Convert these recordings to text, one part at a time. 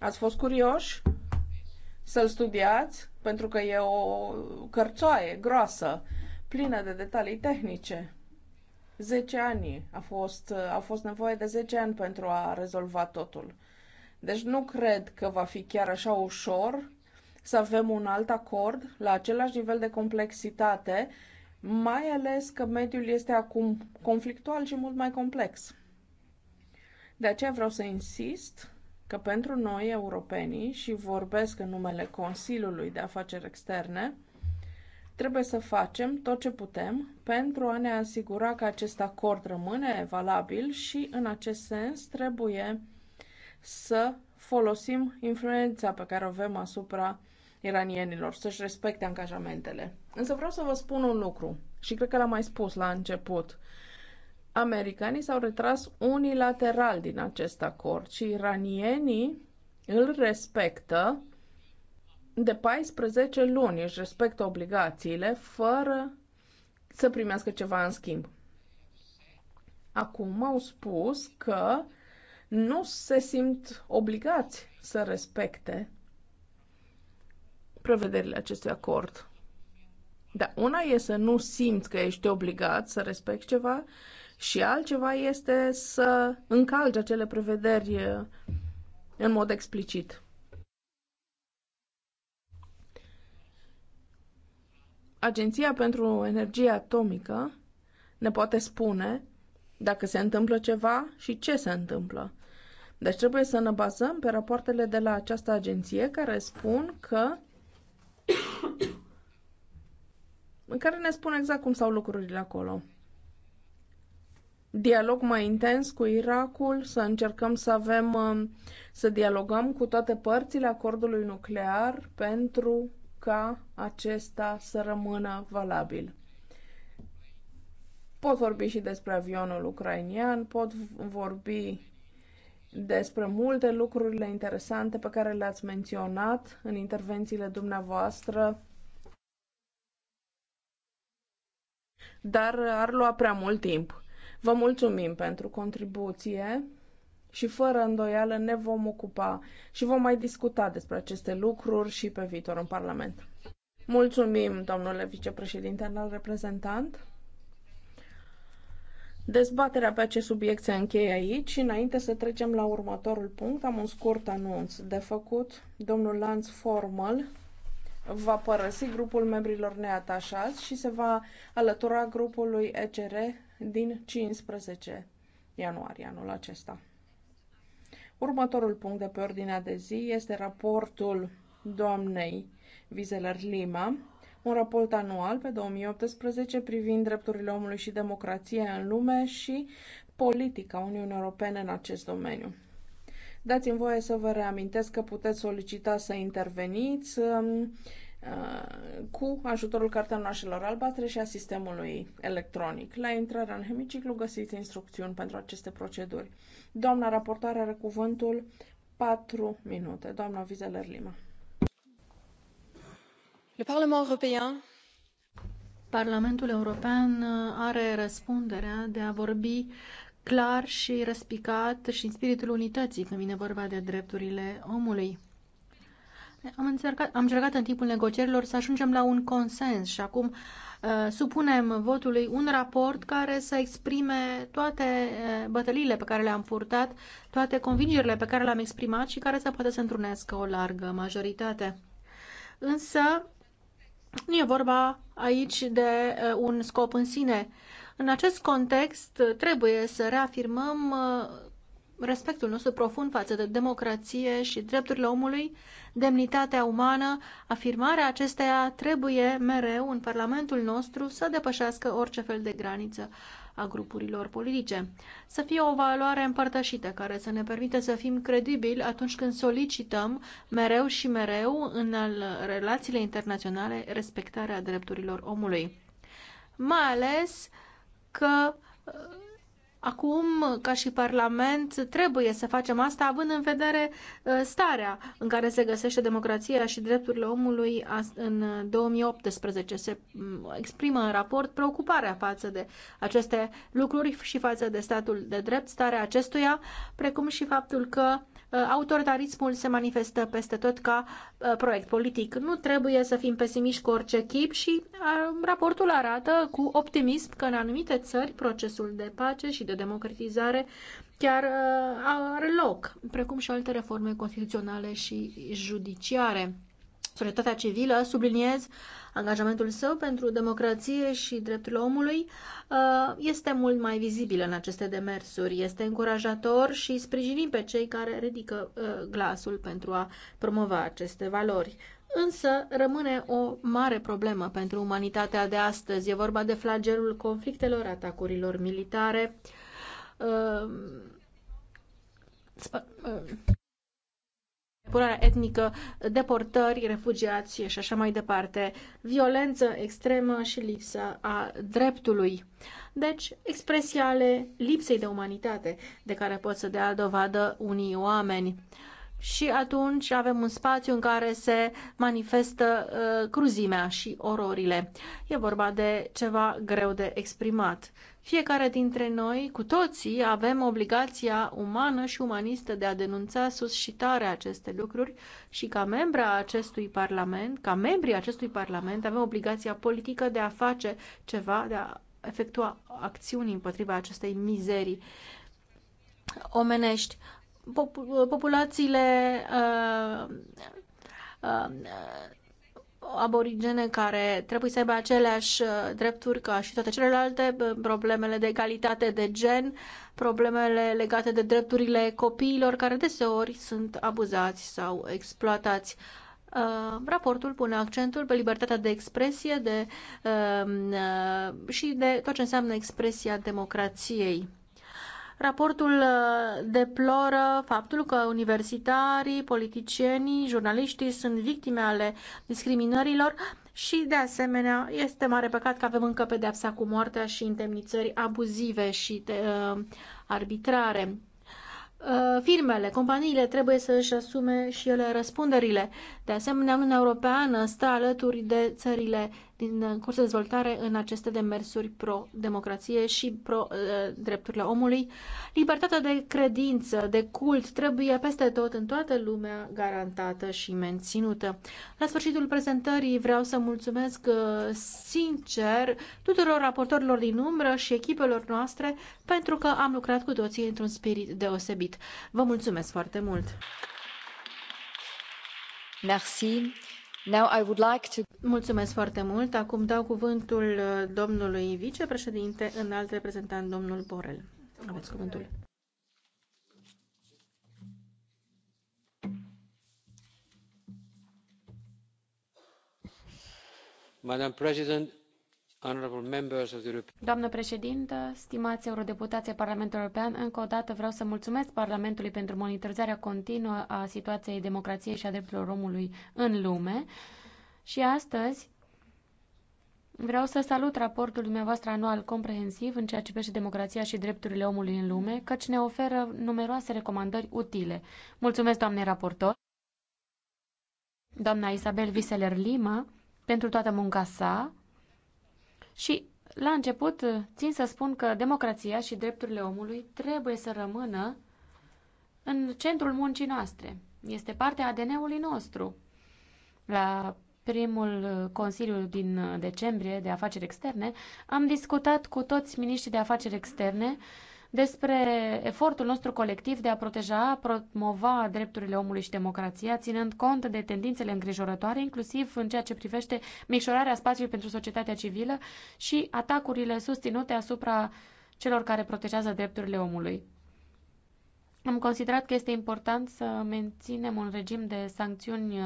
Ați fost curioși să-l studiați, pentru că e o cărțoaie groasă, plină de detalii tehnice. 10 ani a fost, a fost nevoie de 10 ani pentru a rezolva totul. Deci nu cred că va fi chiar așa ușor să avem un alt acord la același nivel de complexitate, mai ales că mediul este acum conflictual și mult mai complex. De aceea vreau să insist că pentru noi, europenii, și vorbesc în numele Consiliului de Afaceri Externe, trebuie să facem tot ce putem pentru a ne asigura că acest acord rămâne valabil și, în acest sens, trebuie să folosim influența pe care o avem asupra iranienilor, să-și respecte angajamentele. Însă vreau să vă spun un lucru și cred că l-am mai spus la început. Uh, americanii s-au retras unilateral din acest acord și iranienii îl respectă de 14 luni, își respectă obligațiile fără să primească ceva în schimb. Acum au spus că nu se simt obligați să respecte prevederile acestui acord. Dar una e să nu simți că ești obligat să respecti ceva și altceva este să încalce acele prevederi eh, în mod explicit. Agenția pentru Energie Atomică ne poate spune dacă se întâmplă ceva și ce se întâmplă. Deci trebuie să ne bazăm pe rapoartele de la această agenție care spun că în care ne spun exact cum s-au lucrurile acolo dialog mai intens cu Irakul, să încercăm să avem, um, să dialogăm cu toate părțile acordului nuclear pentru ca acesta să rămână valabil. Pot vorbi și despre avionul ucrainian, pot vorbi despre multe lucrurile interesante pe care le-ați menționat în intervențiile dumneavoastră, dar ar lua prea mult timp. Vă mulțumim pentru contribuție și fără îndoială ne vom ocupa și vom mai discuta despre aceste lucruri și pe viitor în Parlament. Mulțumim, domnule vicepreședinte al reprezentant. Dezbaterea pe acest subiect se încheie aici și înainte să trecem la următorul punct, am un scurt anunț de făcut. Domnul Lanț Formal va părăsi grupul membrilor neatașați și se va alătura grupului ECR din 15 ianuarie anul acesta. Următorul punct de pe ordinea de zi este raportul doamnei Vizeler Lima, un raport anual pe 2018 privind drepturile omului și democrația în lume și politica Uniunii Europene în acest domeniu. Dați-mi voie să vă reamintesc că puteți solicita să interveniți um, Uh, cu ajutorul cartonașelor albastre și a sistemului electronic. La intrarea în hemiciclu găsiți instrucțiuni pentru aceste proceduri. Doamna raportare are cuvântul 4 minute. Doamna Vizeler Lima. Le Parlement European Parlamentul European uh, are răspunderea de a vorbi clar și răspicat și în spiritul unității când vine vorba de drepturile omului. Am încercat, am încercat în timpul negocierilor să ajungem la un consens și acum uh, supunem votului un raport care să exprime toate uh, bătăliile pe care le-am purtat, toate convingerile pe care le-am exprimat și care să poată să întrunească o largă majoritate. Însă, nu e vorba aici de uh, un scop în sine. În acest context, trebuie să reafirmăm respectul nostru profund față de democrație și drepturile omului, demnitatea umană, afirmarea acesteia trebuie mereu în Parlamentul nostru să depășească orice fel de graniță a grupurilor politice. Să fie o valoare împărtășită care să ne permită să fim credibili atunci când solicităm mereu și mereu în relațiile internaționale respectarea drepturilor omului. Mai ales că Acum, ca și Parlament, trebuie să facem asta având în vedere uh, starea în care se găsește democrația și drepturile omului în 2018. Se mm, exprimă în raport preocuparea față de aceste lucruri și față de statul de drept, starea acestuia, precum și faptul că Uh, autoritarismul se manifestă peste tot ca uh, proiect politic. Nu trebuie să fim pesimiști cu orice chip și uh, raportul arată cu optimism că în anumite țări procesul de pace și de democratizare chiar are loc, precum și alte reforme constituționale și judiciare. Societatea civilă, subliniez, angajamentul său pentru democrație și drepturile omului uh, este mult mai vizibil în aceste demersuri. Este încurajator și sprijinim pe cei care ridică uh, glasul pentru a promova aceste valori. Însă rămâne o mare problemă pentru umanitatea de astăzi. E vorba de flagelul conflictelor, atacurilor militare, uh, purarea etnică, deportări, refugiați și așa mai departe, violență extremă și lipsa a dreptului. Deci, expresia ale lipsei de umanitate de care pot să dea dovadă unii oameni. Și atunci avem un spațiu în care se manifestă uh, cruzimea și ororile. E vorba de ceva greu de exprimat fiecare dintre noi, cu toții, avem obligația umană și umanistă de a denunța sus și tare aceste lucruri și ca membra acestui parlament, ca membrii acestui parlament, avem obligația politică de a face ceva, de a efectua acțiuni împotriva acestei mizerii omenești. Populațiile uh, uh, aborigene care trebuie să aibă aceleași uh, drepturi ca și toate celelalte, problemele de egalitate de gen, problemele legate de drepturile copiilor care deseori sunt abuzați sau exploatați. Uh, raportul pune accentul pe libertatea de expresie de, uh, și de tot ce înseamnă expresia democrației. Raportul uh, deploră faptul că universitarii, politicienii, jurnaliștii sunt victime ale discriminărilor și, de asemenea, este mare păcat că avem încă pedepsa cu moartea și indemnițări abuzive și de, uh, arbitrare. Uh, firmele, companiile trebuie să își asume și ele răspunderile. De asemenea, Uniunea Europeană stă alături de țările din uh, curs de dezvoltare în aceste demersuri pro-democrație și pro-drepturile omului. Libertatea de credință, de cult, trebuie peste tot, în toată lumea, garantată și menținută. La sfârșitul prezentării vreau să mulțumesc uh, sincer tuturor raportorilor din umbră și echipelor noastre pentru că am lucrat cu toții într-un spirit deosebit. Vă mulțumesc foarte mult! Merci. Mulțumesc foarte mult. Acum dau cuvântul uh, domnului vicepreședinte, înalt reprezentant, domnul Borel. Aveți cuvântul. Madam President, Doamnă președintă, stimați eurodeputații Parlamentului European, încă o dată vreau să mulțumesc Parlamentului pentru monitorizarea continuă a situației democrației și a drepturilor omului în lume. Și astăzi vreau să salut raportul dumneavoastră anual comprehensiv în ceea ce privește democrația și drepturile omului în lume, căci ne oferă numeroase recomandări utile. Mulțumesc, doamne raportor, doamna Isabel Viseler Lima, pentru toată munca sa, și la început țin să spun că democrația și drepturile omului trebuie să rămână în centrul muncii noastre. Este partea ADN-ului nostru. La primul Consiliu din decembrie de afaceri externe, am discutat cu toți miniștrii de afaceri externe despre efortul nostru colectiv de a proteja, promova drepturile omului și democrația, ținând cont de tendințele îngrijorătoare, inclusiv în ceea ce privește micșorarea spațiului pentru societatea civilă și atacurile susținute asupra celor care protejează drepturile omului. Am considerat că este important să menținem un regim de sancțiuni uh,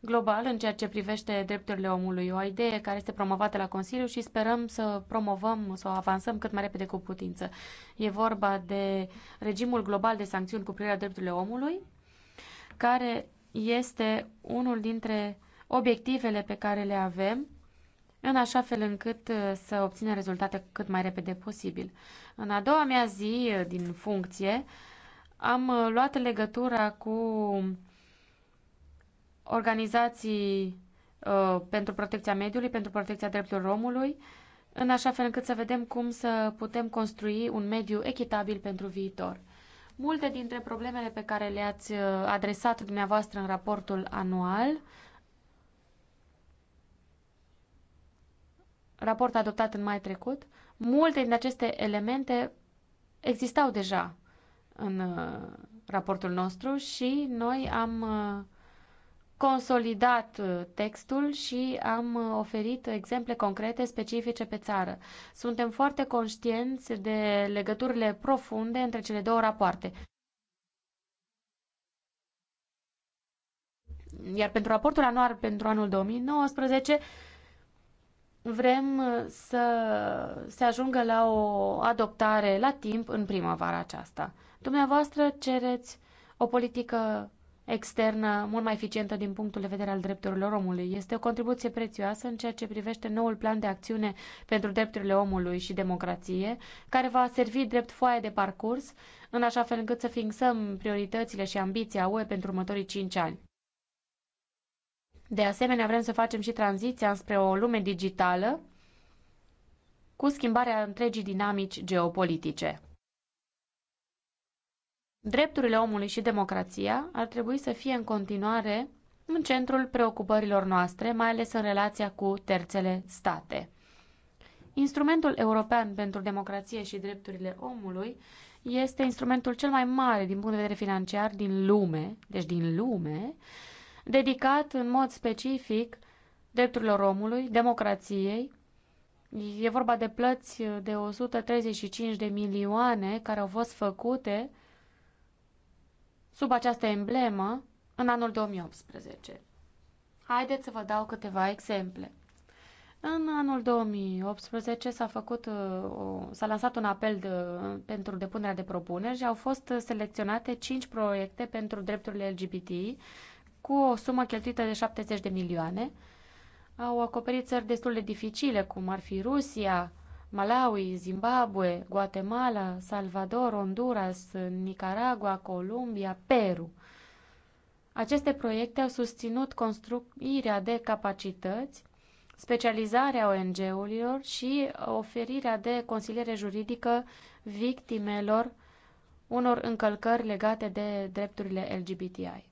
global în ceea ce privește drepturile omului, o idee care este promovată la Consiliu și sperăm să promovăm, să o avansăm cât mai repede cu putință. E vorba de regimul global de sancțiuni cu privire la drepturile omului, care este unul dintre obiectivele pe care le avem în așa fel încât uh, să obținem rezultate cât mai repede posibil. În a doua mea zi uh, din funcție am uh, luat legătura cu organizații uh, pentru protecția mediului, pentru protecția drepturilor omului, în așa fel încât să vedem cum să putem construi un mediu echitabil pentru viitor. Multe dintre problemele pe care le-ați uh, adresat dumneavoastră în raportul anual, raport adoptat în mai trecut, multe din aceste elemente existau deja în uh, raportul nostru și noi am uh, consolidat uh, textul și am uh, oferit exemple concrete specifice pe țară. Suntem foarte conștienți de legăturile profunde între cele două rapoarte. Iar pentru raportul anual pentru anul 2019 vrem uh, să se ajungă la o adoptare la timp în primăvara aceasta. Dumneavoastră cereți o politică externă mult mai eficientă din punctul de vedere al drepturilor omului. Este o contribuție prețioasă în ceea ce privește noul plan de acțiune pentru drepturile omului și democrație, care va servi drept foaie de parcurs, în așa fel încât să fixăm prioritățile și ambiția UE pentru următorii 5 ani. De asemenea, vrem să facem și tranziția spre o lume digitală cu schimbarea întregii dinamici geopolitice drepturile omului și democrația ar trebui să fie în continuare în centrul preocupărilor noastre, mai ales în relația cu terțele state. Instrumentul european pentru democrație și drepturile omului este instrumentul cel mai mare din punct de vedere financiar din lume, deci din lume, dedicat în mod specific drepturilor omului, democrației. E vorba de plăți de 135 de milioane care au fost făcute sub această emblemă în anul 2018. Haideți să vă dau câteva exemple. În anul 2018 s-a, făcut, uh, s-a lansat un apel de, pentru depunerea de propuneri și au fost selecționate 5 proiecte pentru drepturile LGBTI cu o sumă cheltuită de 70 de milioane. Au acoperit țări destul de dificile, cum ar fi Rusia, Malawi, Zimbabwe, Guatemala, Salvador, Honduras, Nicaragua, Columbia, Peru. Aceste proiecte au susținut construirea de capacități, specializarea ONG-urilor și oferirea de consiliere juridică victimelor unor încălcări legate de drepturile LGBTI.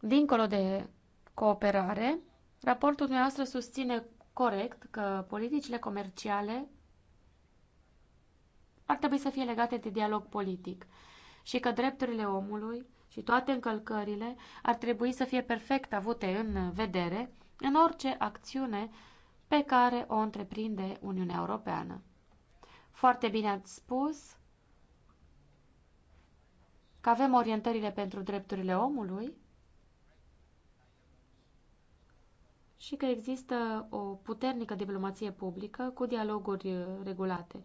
Dincolo de cooperare. Raportul dumneavoastră susține corect că politicile comerciale ar trebui să fie legate de dialog politic și că drepturile omului și toate încălcările ar trebui să fie perfect avute în vedere în orice acțiune pe care o întreprinde Uniunea Europeană. Foarte bine ați spus că avem orientările pentru drepturile omului, și că există o puternică diplomație publică cu dialoguri regulate.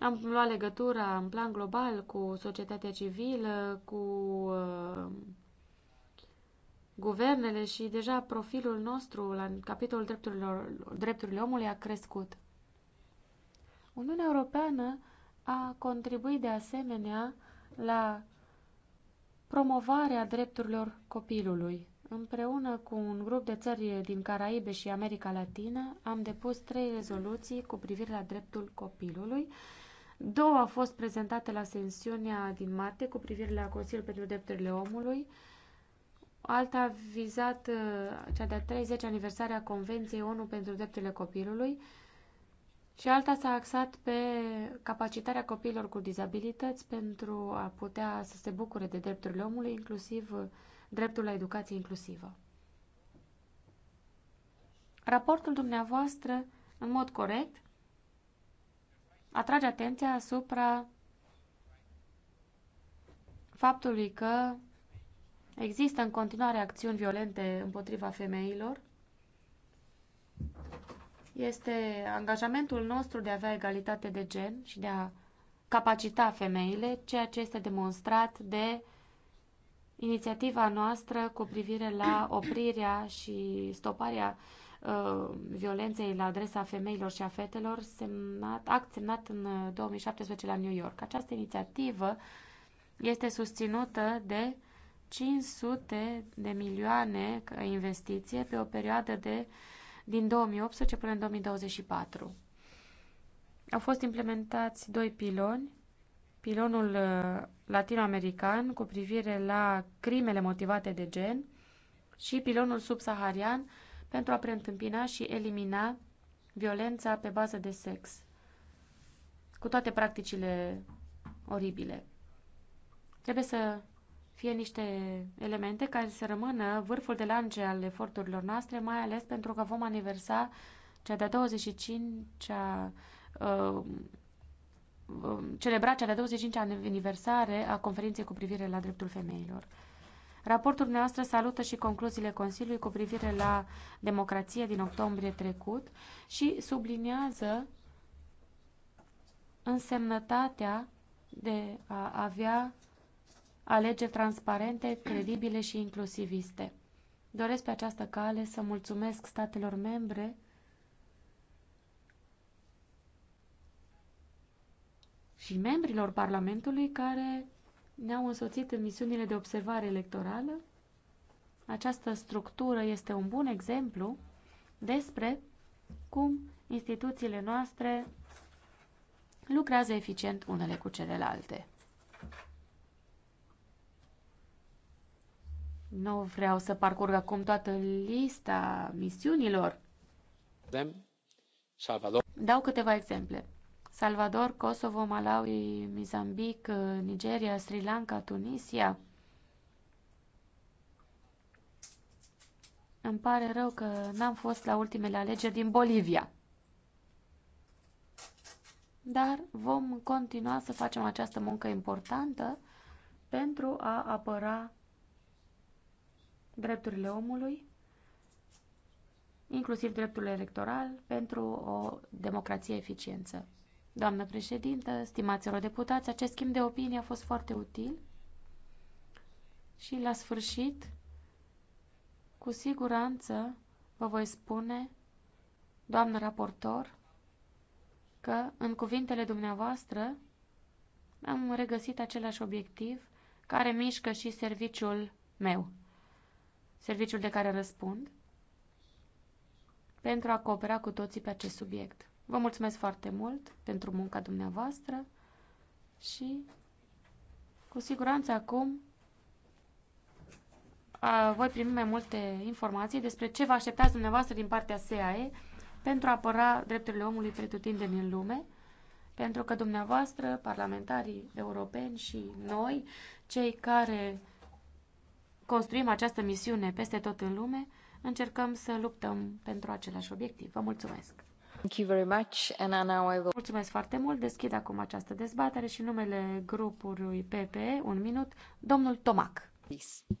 Am luat legătura în plan global cu societatea civilă, cu uh, guvernele și deja profilul nostru la capitolul drepturilor, drepturilor omului a crescut. Uniunea Europeană a contribuit de asemenea la promovarea drepturilor copilului. Împreună cu un grup de țări din Caraibe și America Latină, am depus trei rezoluții cu privire la dreptul copilului. Două au fost prezentate la sesiunea din martie cu privire la Consiliul pentru Drepturile Omului. Alta a vizat uh, cea de-a 30 aniversare a Convenției ONU pentru Drepturile Copilului și alta s-a axat pe capacitarea copiilor cu dizabilități pentru a putea să se bucure de drepturile omului, inclusiv uh, dreptul la educație inclusivă. Raportul dumneavoastră, în mod corect, atrage atenția asupra faptului că există în continuare acțiuni violente împotriva femeilor. Este angajamentul nostru de a avea egalitate de gen și de a capacita femeile, ceea ce este demonstrat de inițiativa noastră cu privire la oprirea și stoparea uh, violenței la adresa femeilor și a fetelor, semnat, act semnat în 2017 uh, la New York. Această inițiativă este susținută de 500 de milioane investiție pe o perioadă de din 2018 până în 2024. Au fost implementați doi piloni pilonul uh, latinoamerican cu privire la crimele motivate de gen și pilonul subsaharian pentru a preîntâmpina și elimina violența pe bază de sex, cu toate practicile oribile. Trebuie să fie niște elemente care să rămână vârful de lance al eforturilor noastre, mai ales pentru că vom aniversa cea de-a 25-a uh, Um, celebra cea de 25 -a aniversare a conferinței cu privire la dreptul femeilor. Raportul noastră salută și concluziile Consiliului cu privire la democrație din octombrie trecut și subliniază însemnătatea de a avea alegeri transparente, credibile și inclusiviste. Doresc pe această cale să mulțumesc statelor membre și membrilor Parlamentului care ne-au însoțit în misiunile de observare electorală. Această structură este un bun exemplu despre cum instituțiile noastre lucrează eficient unele cu celelalte. Nu vreau să parcurg acum toată lista misiunilor. Dau câteva exemple. Salvador, Kosovo, Malawi, Mozambic, Nigeria, Sri Lanka, Tunisia. Îmi pare rău că n-am fost la ultimele alegeri din Bolivia. Dar vom continua să facem această muncă importantă pentru a apăra drepturile omului, inclusiv dreptul electoral, pentru o democrație eficientă. Doamnă președintă, stimaților deputați, acest schimb de opinie a fost foarte util și la sfârșit, cu siguranță, vă voi spune, doamnă raportor, că în cuvintele dumneavoastră am regăsit același obiectiv care mișcă și serviciul meu, serviciul de care răspund, pentru a coopera cu toții pe acest subiect. Vă mulțumesc foarte mult pentru munca dumneavoastră și cu siguranță acum a, voi primi mai multe informații despre ce vă așteptați dumneavoastră din partea SAE pentru a apăra drepturile omului pretutindeni în lume, pentru că dumneavoastră, parlamentarii europeni și noi, cei care construim această misiune peste tot în lume, încercăm să luptăm pentru același obiectiv. Vă mulțumesc! Mulțumesc foarte mult. Deschid acum această dezbatere și numele grupului PPE, un minut, domnul Tomac. Peace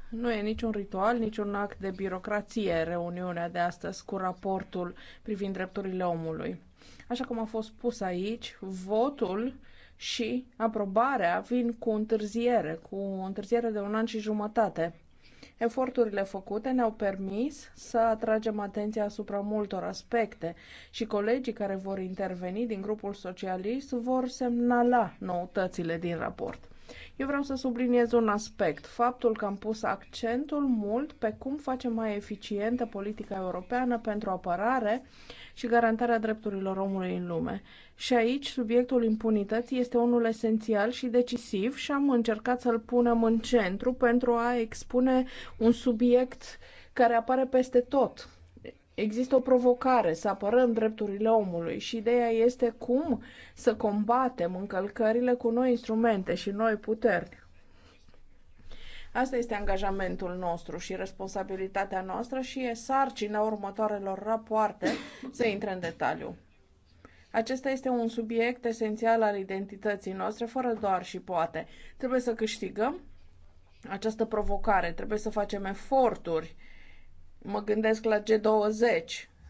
Nu e niciun ritual, niciun act de birocrație reuniunea de astăzi cu raportul privind drepturile omului. Așa cum a fost spus aici, votul și aprobarea vin cu întârziere, cu o întârziere de un an și jumătate. Eforturile făcute ne-au permis să atragem atenția asupra multor aspecte și colegii care vor interveni din grupul socialist vor semnala noutățile din raport. Eu vreau să subliniez un aspect, faptul că am pus accentul mult pe cum facem mai eficientă politica europeană pentru apărare și garantarea drepturilor omului în lume. Și aici subiectul impunității este unul esențial și decisiv și am încercat să-l punem în centru pentru a expune un subiect care apare peste tot Există o provocare să apărăm drepturile omului și ideea este cum să combatem încălcările cu noi instrumente și noi puteri. Asta este angajamentul nostru și responsabilitatea noastră și e sarcina următoarelor rapoarte să intre în detaliu. Acesta este un subiect esențial al identității noastre, fără doar și poate. Trebuie să câștigăm această provocare, trebuie să facem eforturi uh, Mă gândesc la G20.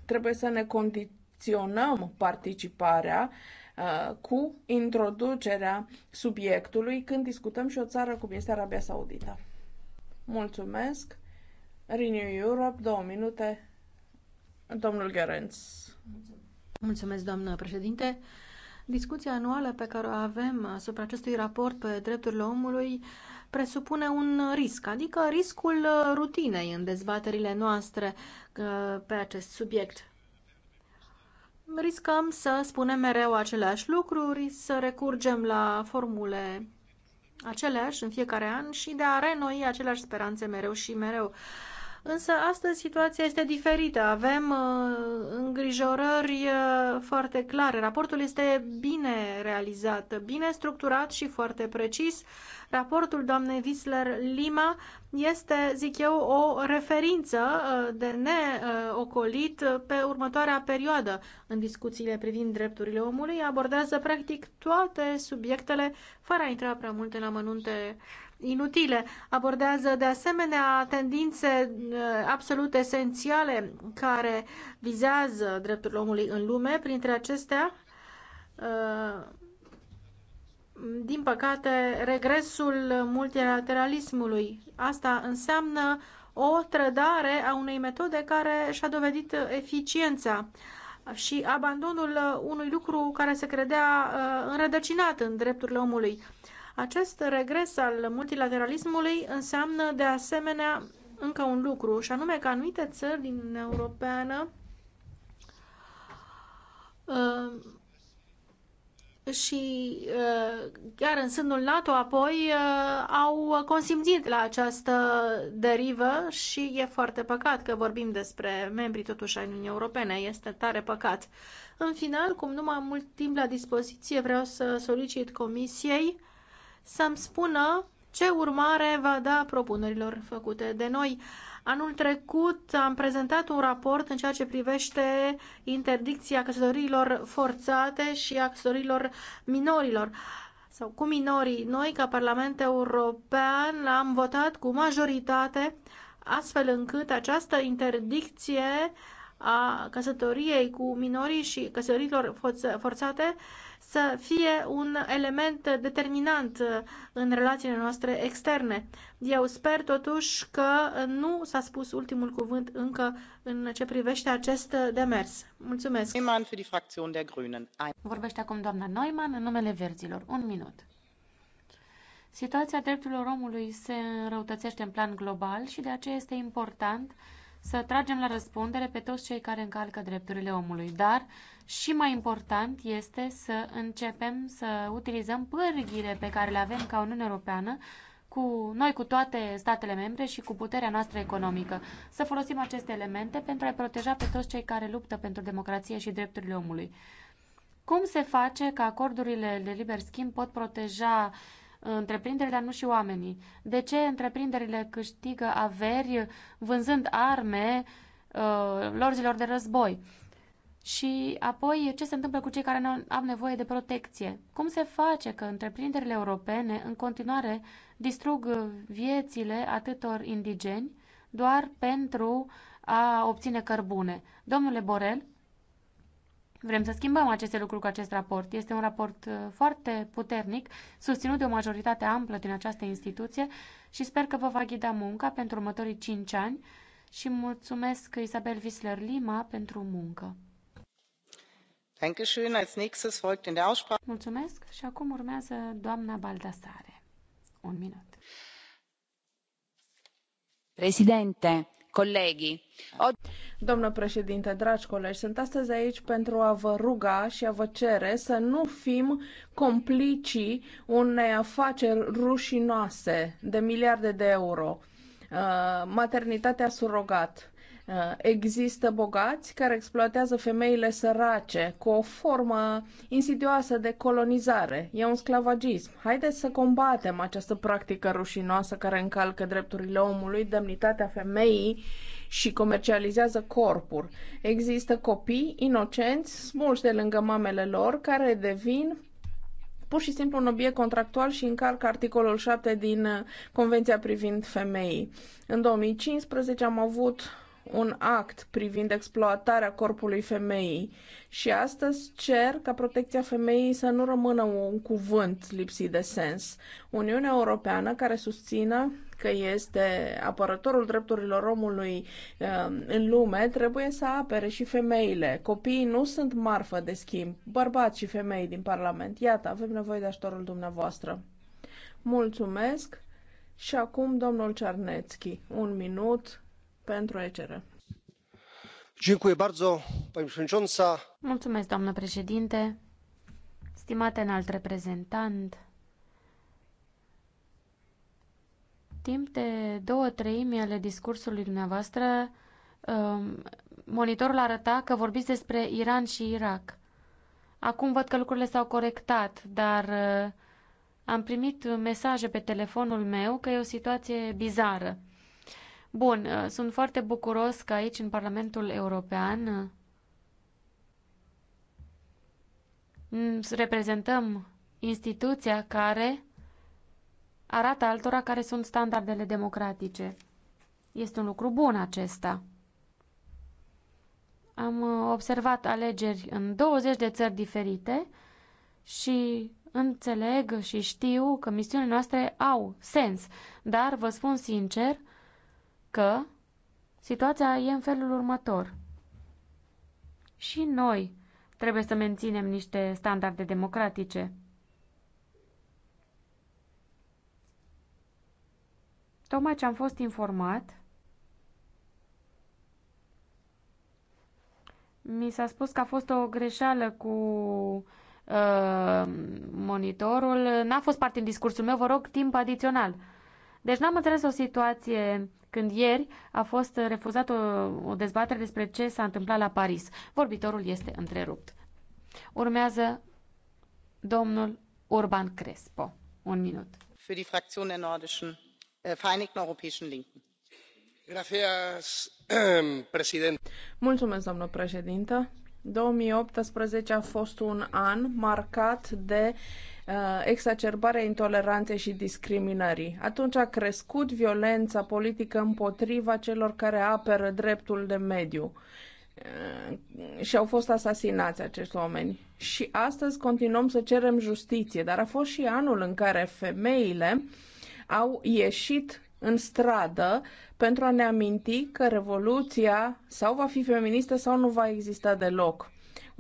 Trebuie să ne condiționăm participarea uh, cu introducerea subiectului când discutăm și o țară cum este Arabia Saudită. Mulțumesc. Renew Europe, două minute. Domnul Gerenț. Mulțumesc, doamnă președinte. Discuția anuală pe care o avem asupra acestui raport pe drepturile omului uh, presupune un risc, adică riscul uh, rutinei în dezbaterile noastre uh, pe acest subiect. Riscăm să spunem mereu aceleași lucruri, să recurgem la formule aceleași în fiecare an și de a renoi aceleași speranțe mereu și mereu. Uh, Însă astăzi situația este diferită. Avem uh, îngrijorări uh, foarte clare. Raportul este bine realizat, bine structurat și foarte precis. Raportul doamnei Wisler Lima este, zic eu, o referință uh, de neocolit pe următoarea perioadă. În discuțiile privind drepturile omului abordează practic toate subiectele fără a intra prea multe în amănunte uh, inutile. Abordează de asemenea tendințe uh, absolut esențiale care vizează drepturile omului în lume. Printre acestea, uh, din păcate, regresul multilateralismului. Asta înseamnă o trădare a unei metode care și-a dovedit eficiența și abandonul unui lucru care se credea uh, înrădăcinat în drepturile omului. Acest regres al multilateralismului înseamnă de asemenea încă un lucru, și anume că anumite țări din Uniunea Europeană uh, și uh, chiar în sânul NATO apoi uh, au consimțit la această derivă și e foarte păcat că vorbim despre membrii totuși ai Uniunii Europene, este tare păcat. În final, cum nu am mult timp la dispoziție, vreau să solicit Comisiei să-mi spună ce urmare va da propunerilor făcute de noi. Anul trecut am prezentat un raport în ceea ce privește interdicția căsătoriilor forțate și a căsătoriilor minorilor sau cu minorii. Noi, ca Parlament European, am votat cu majoritate astfel încât această interdicție a căsătoriei cu minorii și căsătoriilor forțate să fie un element determinant în relațiile noastre externe. Eu sper totuși că nu s-a spus ultimul cuvânt încă în ce privește acest demers. Mulțumesc! Vorbește acum doamna Neumann în numele verzilor. Un minut. Situația drepturilor omului se înrăutățește în plan global și de aceea este important să tragem la răspundere pe toți cei care încalcă drepturile omului, dar și mai important este să începem să utilizăm pârghile pe care le avem ca Uniunea Europeană cu noi, cu toate statele membre și cu puterea noastră economică. Să folosim aceste elemente pentru a proteja pe toți cei care luptă pentru democrație și drepturile omului. Cum se face că acordurile de liber schimb pot proteja întreprinderile dar nu și oamenii. De ce întreprinderile câștigă averi vânzând arme uh, de război? Și apoi, ce se întâmplă cu cei care nu au nevoie de protecție? Cum se face că întreprinderile europene în continuare distrug viețile atâtor indigeni doar pentru a obține cărbune? Domnule Borel, Vrem să schimbăm aceste lucruri cu acest raport. Este un raport uh, foarte puternic, susținut de o majoritate amplă din această instituție și sper că vă va ghida munca pentru următorii 5 ani și mulțumesc Isabel Visler Lima pentru muncă. Mulțumesc și acum urmează doamna Baldassare. Un minut. Președinte, Doamnă președinte, dragi colegi, sunt astăzi aici pentru a vă ruga și a vă cere să nu fim complicii unei afaceri rușinoase de miliarde de euro. Uh, maternitatea surogat Uh, există bogați care exploatează femeile sărace cu o formă insidioasă de colonizare. E un sclavagism. Haideți să combatem această practică rușinoasă care încalcă drepturile omului, demnitatea femeii și comercializează corpuri. Există copii inocenți smulși de lângă mamele lor care devin pur și simplu un obiect contractual și încalcă articolul 7 din uh, Convenția privind femeii. În 2015 am avut un act privind exploatarea corpului femeii și astăzi cer ca protecția femeii să nu rămână un cuvânt lipsit de sens. Uniunea Europeană care susțină că este apărătorul drepturilor omului um, în lume, trebuie să apere și femeile. Copiii nu sunt marfă de schimb, bărbați și femei din Parlament. Iată, avem nevoie de ajutorul dumneavoastră. Mulțumesc! Și acum domnul Cernețchi, un minut doamnă președintă stimate înalt reprezentant timp de două treimi ale discursului dumneavoastră um, monitorul arăta că vorbiți despre iran și irak. acum văd că lucrurile s au corectat dar uh, am primit mesaje pe telefonul meu că e o situație bizară. Bun, uh, sunt foarte bucuros că aici, în Parlamentul European, uh, reprezentăm instituția care arată altora care sunt standardele democratice. Este un lucru bun acesta. Am uh, observat alegeri în 20 de țări diferite și înțeleg și știu că misiunile noastre au sens, dar vă spun sincer, că situația e în felul următor. Și noi trebuie să menținem niște standarde democratice. Tocmai ce am fost informat, mi s-a spus că a fost o greșeală cu uh, monitorul. N-a fost parte în discursul meu, vă rog, timp adițional. Deci n-am înțeles o situație când ieri a fost refuzată o, o dezbatere despre ce s-a întâmplat la Paris. Vorbitorul este întrerupt. Urmează domnul Urban Crespo. Un minut. Für die Fraktion der Nordischen, äh, Vereinigten Europäischen Linken. Gracias, Mulțumesc, doamnă președintă. 2018 a fost un an marcat de Uh, exacerbarea intoleranței și discriminării. Atunci a crescut violența politică împotriva celor care apără dreptul de mediu uh, și au fost asasinați acești oameni. Și astăzi continuăm să cerem justiție, dar a fost și anul în care femeile au ieșit în stradă pentru a ne aminti că revoluția sau va fi feministă sau nu va exista deloc.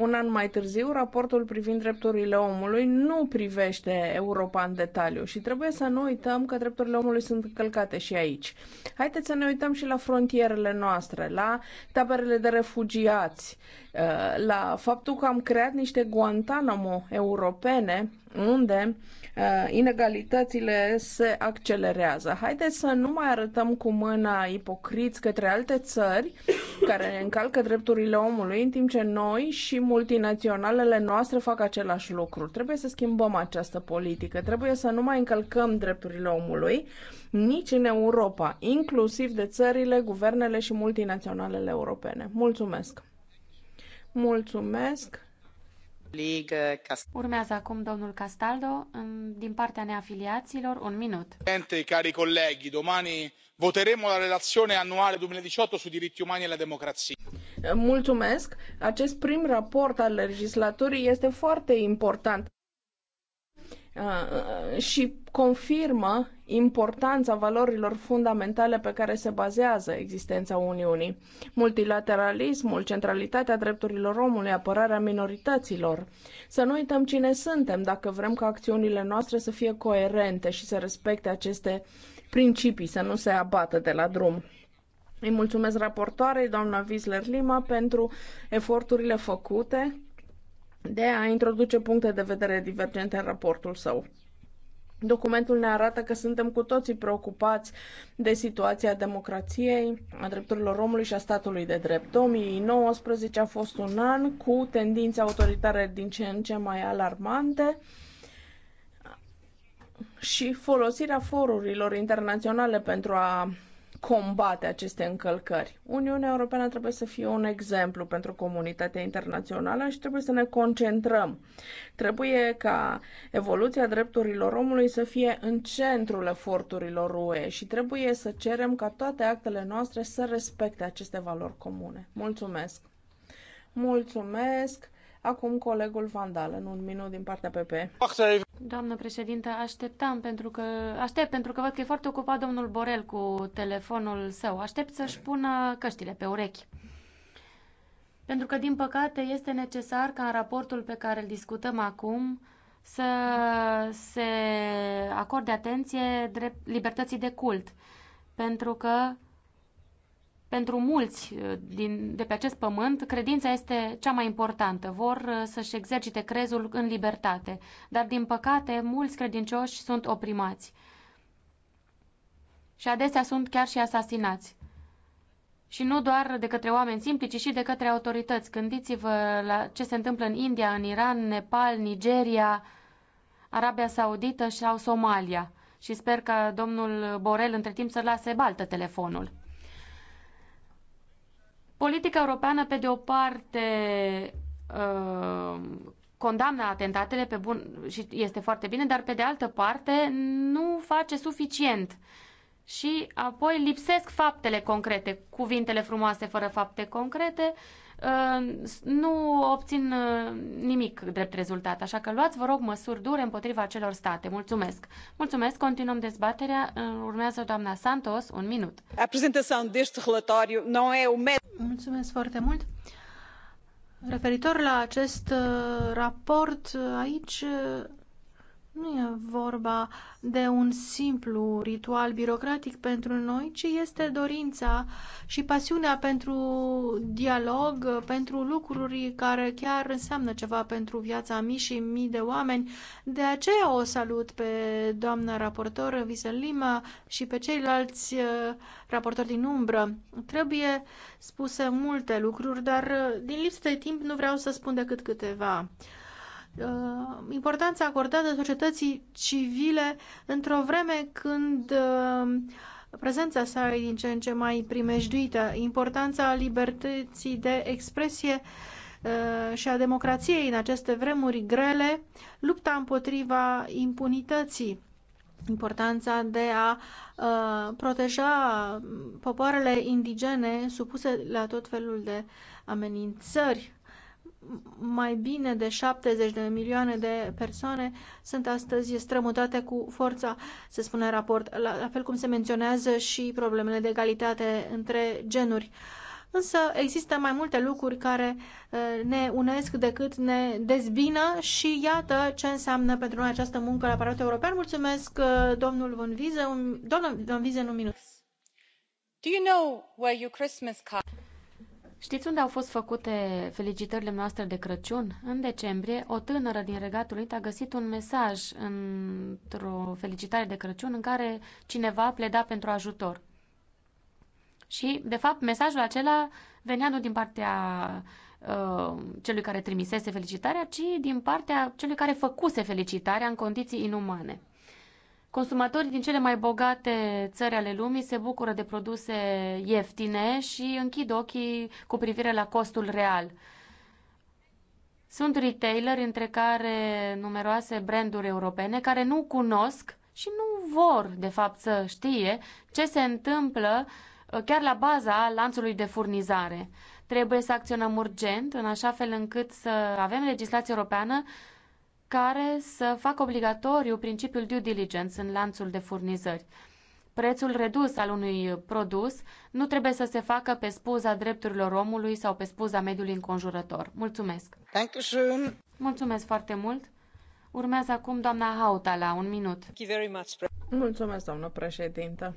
Un an mai târziu, raportul privind drepturile omului nu privește Europa în detaliu și trebuie să nu uităm că drepturile omului sunt încălcate și aici. Haideți să ne uităm și la frontierele noastre, la taberele de refugiați, uh, la faptul că am creat niște Guantanamo europene unde uh, Uh, inegalitățile se accelerează. Haideți să nu mai arătăm cu mâna ipocriți către alte țări care încalcă drepturile omului, în timp ce noi și multinaționalele noastre fac același lucru. Trebuie să schimbăm această politică, trebuie să nu mai încălcăm drepturile omului nici în Europa, inclusiv de țările, guvernele și multinaționalele europene. Mulțumesc! Mulțumesc! Urmează acum domnul Castaldo, din partea neafiliaților, un minut. Presidente, cari colleghi, domani voteremo la relazione annuale 2018 sui diritti umani e la democrazia. Mulțumesc. Acest prim raport al legislaturii este foarte important Uh, uh, și confirmă importanța valorilor fundamentale pe care se bazează existența Uniunii. Multilateralismul, centralitatea drepturilor omului, apărarea minorităților. Să nu uităm cine suntem dacă vrem ca acțiunile noastre să fie coerente și să respecte aceste principii, să nu se abată de la drum. Îi mulțumesc raportoarei, doamna Wiesler Lima, pentru eforturile făcute de a introduce puncte de vedere divergente în raportul său. Documentul ne arată că suntem cu toții preocupați de situația democrației, a drepturilor omului și a statului de drept. 2019 a fost un an cu tendințe autoritare din ce în ce mai alarmante și folosirea forurilor internaționale pentru a combate aceste încălcări. Uniunea Europeană trebuie să fie un exemplu pentru comunitatea internațională și trebuie să ne concentrăm. Trebuie ca evoluția drepturilor omului să fie în centrul eforturilor UE și trebuie să cerem ca toate actele noastre să respecte aceste valori comune. Mulțumesc! Mulțumesc! Acum colegul Vandal, în un minut din partea PP. Doamnă președintă, așteptam pentru că, aștept pentru că văd că e foarte ocupat domnul Borel cu telefonul său. Aștept să-și pună căștile pe urechi. Pentru că, din păcate, este necesar ca în raportul pe care îl discutăm acum să se acorde atenție drept, libertății de cult. Pentru că pentru mulți uh, din, de pe acest pământ, credința este cea mai importantă. Vor uh, să-și exercite crezul în libertate, dar, din păcate, mulți credincioși sunt oprimați și adesea sunt chiar și asasinați. Și nu doar de către oameni simpli, ci și de către autorități. Gândiți-vă la ce se întâmplă în India, în Iran, Nepal, Nigeria, Arabia Saudită și au Somalia. Și sper că domnul Borel între timp să lase baltă telefonul. Politica europeană, pe de o parte, uh, condamnă atentatele pe bun și este foarte bine, dar pe de altă parte nu face suficient. Și apoi lipsesc faptele concrete, cuvintele frumoase fără fapte concrete, Ehm, nu obțin ehm, nimic drept rezultat. Așa că luați, vă rog, măsuri dure împotriva acelor state. Mulțumesc! Mulțumesc! Continuăm dezbaterea. Urmează doamna Santos, un minut. Mulțumesc foarte mult! Referitor la acest eh, raport, eh, aici eh, nu e vorba de un simplu ritual birocratic pentru noi, ci este dorința și pasiunea pentru dialog, pentru lucruri care chiar înseamnă ceva pentru viața mii și mii de oameni. De aceea o salut pe doamna raportor Visel Lima și pe ceilalți uh, raportori din umbră. Trebuie spuse multe lucruri, dar uh, din lipsă de timp nu vreau să spun decât câteva. Uh, importanța acordată societății civile într-o vreme când uh, prezența sa e din ce în ce mai primejduită, importanța libertății de expresie uh, și a democrației în aceste vremuri grele, lupta împotriva impunității, importanța de a proteja popoarele indigene supuse la tot felul de amenințări mai bine de 70 de milioane de persoane sunt astăzi strămutate cu forța, se spune în raport, la, la fel cum se menționează și problemele de egalitate între genuri. Însă există mai multe lucruri care uh, ne unesc decât ne dezbină și iată ce înseamnă pentru noi această muncă la Parlamentul European. Mulțumesc, uh, domnul Von Vize, un, domnul Von Vize, un minut. Do you know where your Christmas card... Știți unde au fost făcute felicitările noastre de Crăciun? În decembrie, o tânără din Regatul Unit a găsit un mesaj într-o felicitare de Crăciun în care cineva pleda pentru ajutor. Și, de fapt, mesajul acela venea nu din partea uh, celui care trimisese felicitarea, ci din partea celui care făcuse felicitarea în condiții inumane. Consumatorii din cele mai bogate țări ale lumii se bucură de produse ieftine și închid ochii cu privire la costul real. Sunt retaileri, între care numeroase branduri europene, care nu cunosc și nu vor, de fapt, să știe ce se întâmplă uh, chiar la baza lanțului de furnizare. Trebuie să acționăm urgent, în așa fel încât să avem legislație europeană care să facă obligatoriu principiul due diligence în lanțul de furnizări. Prețul redus al unui produs nu trebuie să se facă pe spuza drepturilor omului sau pe spuza mediului înconjurător. Mulțumesc! Thank you, Dankeschön. Mulțumesc foarte mult! Urmează acum doamna Hauta la un minut. Thank you very much, Mulțumesc, doamnă președintă.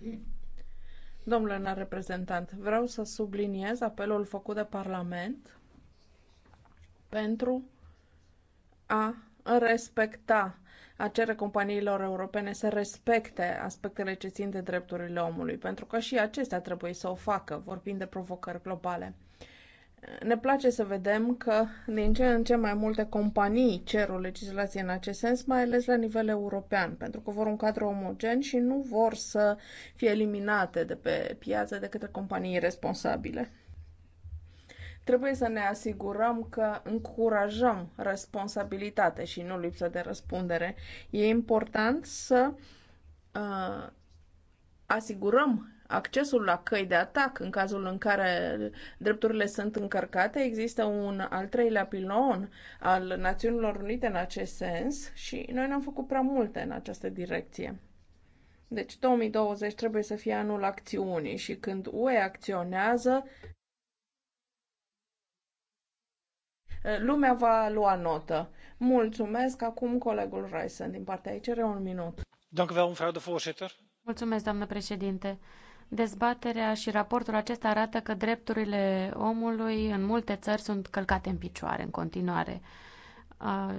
Domnule înalt reprezentant, vreau să subliniez apelul făcut de Parlament pentru a respecta a cere companiilor europene să respecte aspectele ce țin de drepturile omului, pentru că și acestea trebuie să o facă, vorbind de provocări globale. Ne place să vedem că din ce în ce mai multe companii cer o legislație în acest sens, mai ales la nivel european, pentru că vor un cadru omogen și nu vor să fie eliminate de pe piață de către companii responsabile. Trebuie să ne asigurăm că încurajăm responsabilitate și nu lipsă de răspundere. E important să uh, asigurăm accesul la căi de atac în cazul în care drepturile sunt încărcate. Există un al treilea pilon al Națiunilor Unite în acest sens și noi n-am făcut prea multe în această direcție. Deci 2020 trebuie să fie anul acțiunii și când UE acționează, Lumea va lua notă. Mulțumesc. Acum colegul Reisen din partea ICR, un minut. Mulțumesc, doamnă președinte. Dezbaterea și raportul acesta arată că drepturile omului în multe țări sunt călcate în picioare în continuare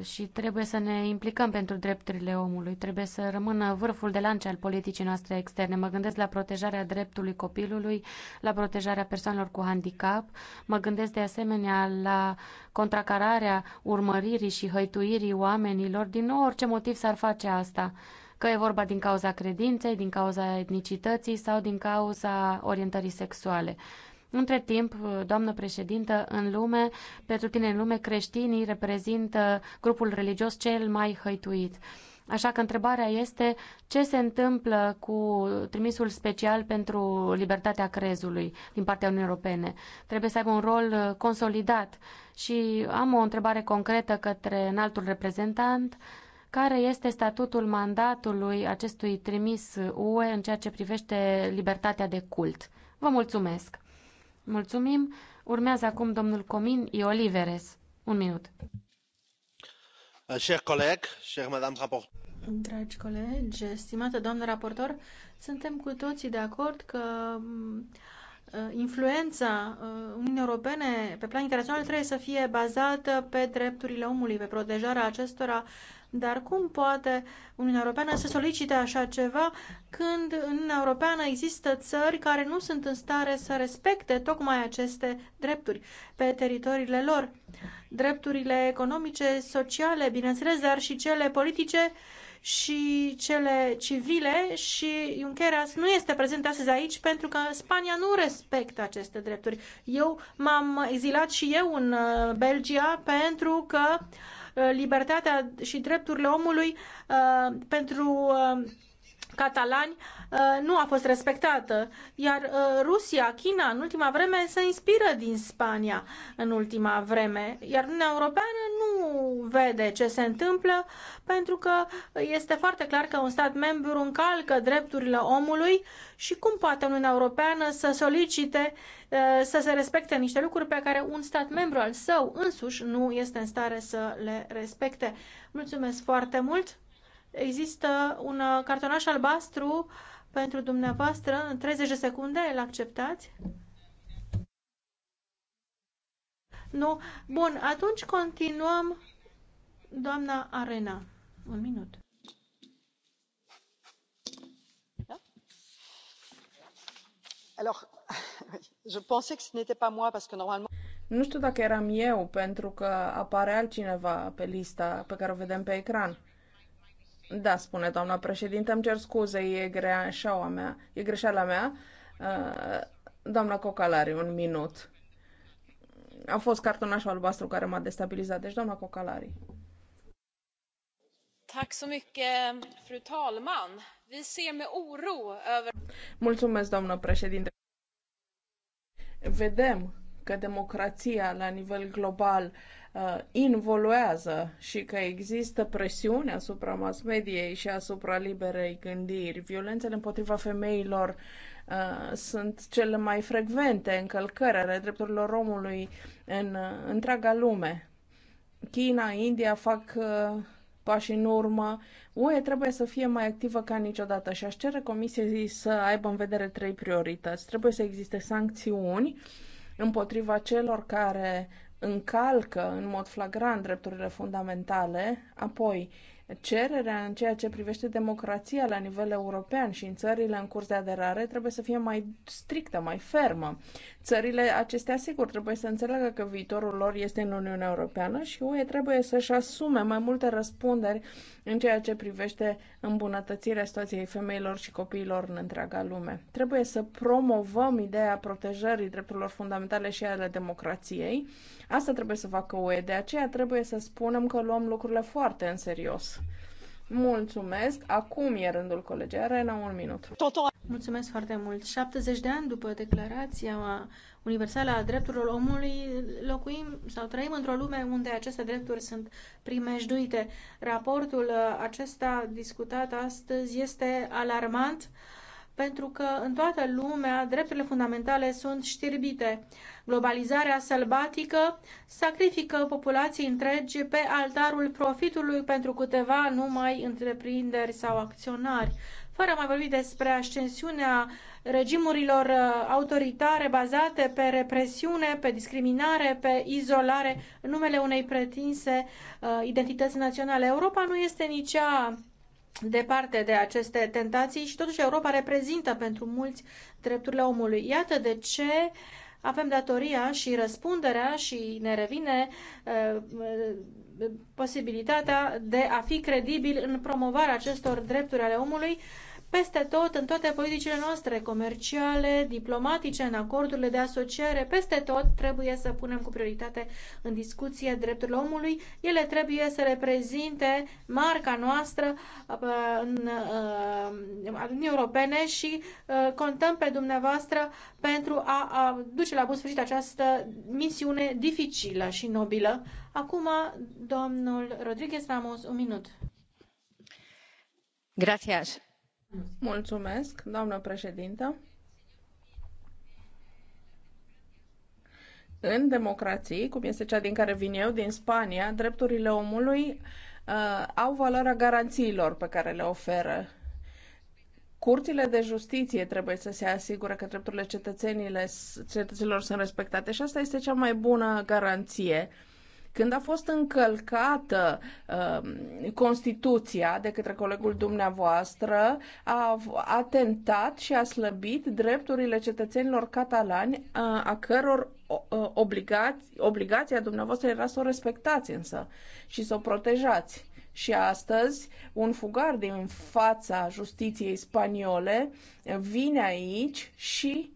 și trebuie să ne implicăm pentru drepturile omului. Trebuie să rămână vârful de lance al politicii noastre externe. Mă gândesc la protejarea dreptului copilului, la protejarea persoanelor cu handicap. Mă gândesc de asemenea la contracararea urmăririi și hăituirii oamenilor din orice motiv s-ar face asta că e vorba din cauza credinței, din cauza etnicității sau din cauza orientării sexuale. Între timp, doamnă președintă, în lume, pentru tine în lume, creștinii reprezintă grupul religios cel mai hăituit. Așa că întrebarea este ce se întâmplă cu trimisul special pentru libertatea crezului din partea Uniunii Europene. Trebuie să aibă un rol consolidat și am o întrebare concretă către înaltul reprezentant. Care este statutul mandatului acestui trimis UE în ceea ce privește libertatea de cult? Vă mulțumesc! Mulțumim. Urmează acum domnul Comin i Oliveres. Un minut. Cher coleg, cher madame raport. Dragi colegi, stimată doamnă raportor, suntem cu toții de acord că mm, uh, influența uh, Uniunii Europene pe plan internațional trebuie să fie bazată pe drepturile omului, pe protejarea acestora, dar cum poate Uniunea Europeană să solicite așa ceva când în Uniunea Europeană există țări care nu sunt în stare să respecte tocmai aceste drepturi pe teritoriile lor? Drepturile economice, sociale, bineînțeles, dar și cele politice și cele civile și Junqueras nu este prezent astăzi aici pentru că Spania nu respectă aceste drepturi. Eu m-am exilat și eu în uh, Belgia pentru că uh, libertatea și drepturile omului uh, pentru uh, catalani uh, nu a fost respectată, iar uh, Rusia, China, în ultima vreme se inspiră din Spania în ultima vreme, iar Uniunea Europeană nu vede ce se întâmplă pentru că este foarte clar că un stat membru încalcă drepturile omului și cum poate Uniunea Europeană să solicite uh, să se respecte niște lucruri pe care un stat membru al său însuși nu este în stare să le respecte. Mulțumesc foarte mult! Există un uh, cartonaș albastru pentru dumneavoastră. În 30 de secunde îl acceptați? Nu? Bun, atunci continuăm. Doamna Arena, un minut. Alors, je pensais que ce n'était pas moi parce que normalement nu știu dacă eram eu, pentru că apare altcineva pe lista pe care o vedem pe ecran. Da, spune doamna președinte, îmi cer scuze, e greșeala mea. E greșeala mea. Uh, doamna Cocalari, un minut. A fost cartonașul albastru care m-a destabilizat, deci doamna Cocalari. Mulțumesc, doamnă președinte. Vedem că democrația la nivel global uh, Uh, involuează și că există presiune asupra mass mediei și asupra liberei gândiri. Violențele împotriva femeilor uh, sunt cele mai frecvente încălcări ale drepturilor omului în uh, întreaga lume. China, India fac uh, pași în urmă. UE trebuie să fie mai activă ca niciodată și aș cere Comisiei să aibă în vedere trei priorități. Trebuie să existe sancțiuni împotriva celor care încalcă în mod flagrant drepturile fundamentale, apoi cererea în ceea ce privește democrația la nivel european și în țările în curs de aderare trebuie să fie mai strictă, mai fermă. Țările acestea, sigur, trebuie să înțeleagă că viitorul lor este în Uniunea Europeană și UE trebuie să-și asume mai multe răspunderi în ceea ce privește îmbunătățirea situației femeilor și copiilor în întreaga lume. Trebuie să promovăm ideea protejării drepturilor fundamentale și ale democrației, Asta trebuie să facă UE, de aceea trebuie să spunem că luăm lucrurile foarte în serios. Mulțumesc. Acum e rândul colegii Arena, un minut. Mulțumesc foarte mult. 70 de ani după Declarația Universală a Drepturilor Omului, locuim sau trăim într-o lume unde aceste drepturi sunt primejduite. Raportul acesta discutat astăzi este alarmant pentru că în toată lumea drepturile fundamentale sunt știrbite. Globalizarea sălbatică sacrifică populații întregi pe altarul profitului pentru câteva numai întreprinderi sau acționari. Fără mai vorbi despre ascensiunea regimurilor uh, autoritare bazate pe represiune, pe discriminare, pe izolare, în numele unei pretinse uh, identități naționale. Europa nu este nici ea departe de aceste tentații și totuși Europa reprezintă pentru mulți drepturile omului. Iată de ce avem datoria și răspunderea și ne revine uh, uh, posibilitatea de a fi credibil în promovarea acestor drepturi ale omului peste tot, în toate politicile noastre, comerciale, diplomatice, în acordurile de asociere, peste tot trebuie să punem cu prioritate în discuție drepturile omului. Ele trebuie să reprezinte marca noastră uh, în uh, Uniunii Europene și uh, contăm pe dumneavoastră pentru a, a duce la bun sfârșit această misiune dificilă și nobilă. Acum, domnul Rodriguez Ramos, un minut. Gracias Mulțumesc, doamnă președintă. În democrații, cum este cea din care vin eu, din Spania, drepturile omului uh, au valoarea garanțiilor pe care le oferă Curțile de justiție trebuie să se asigure că drepturile cetățenilor sunt respectate și asta este cea mai bună garanție uh, când a fost încălcată uh, Constituția de către colegul dumneavoastră, a atentat și a slăbit drepturile cetățenilor catalani, uh, a căror uh, obligați, obligația dumneavoastră era să o respectați însă și să o protejați. Și astăzi, un fugar din fața justiției spaniole vine aici și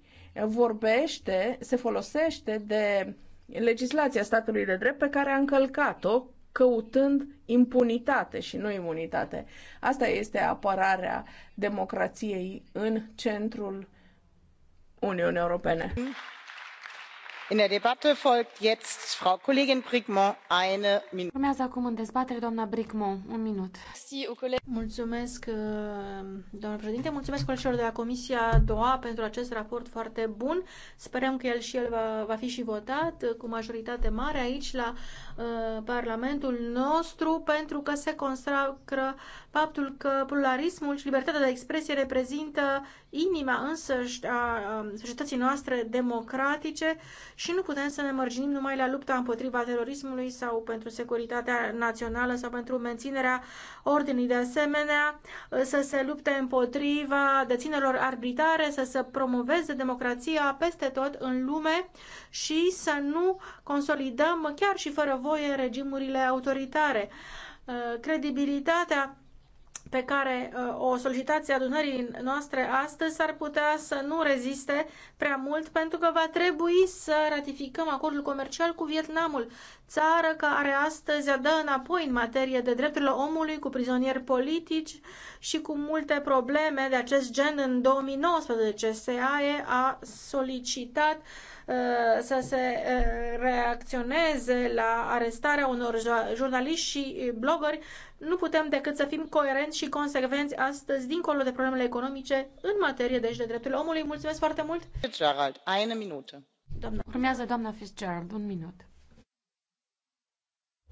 vorbește, se folosește de legislația statului de drept pe care a încălcat-o căutând impunitate și nu imunitate. Asta este apărarea democrației în centrul Uniunii Europene urmează acum în dezbatere doamna bricmont un minut. mulțumesc uh, doamnă președinte mulțumesc colegilor de la comisia doua pentru acest raport foarte bun sperăm că el și el va, va fi și votat uh, cu majoritate mare aici la Uh, Parlamentul nostru pentru că se consacră faptul că pluralismul și libertatea de expresie reprezintă inima însăși a um, societății noastre democratice și nu putem să ne mărginim numai la lupta împotriva terorismului sau pentru securitatea națională sau pentru menținerea ordinii. De asemenea, uh, să se lupte împotriva deținerilor arbitrare, să se promoveze democrația peste tot în lume și să nu consolidăm chiar și fără voie nevoie regimurile autoritare. Uh, credibilitatea pe care uh, o solicitație adunării noastre astăzi ar putea să nu reziste prea mult pentru că va trebui să ratificăm acordul comercial cu Vietnamul, țară care astăzi dă înapoi în materie de drepturile omului cu prizonieri politici și cu multe probleme de acest gen în 2019. SAE a solicitat uh, Uh, să se uh, reacționeze la arestarea unor jurnaliști și uh, blogări, nu putem decât să fim coerenți și consecvenți astăzi, dincolo de problemele economice, în materie deci de drepturile omului. Mulțumesc foarte mult! Fitzgerald, o minută. Doamna. Urmează doamna Fitzgerald, un minut.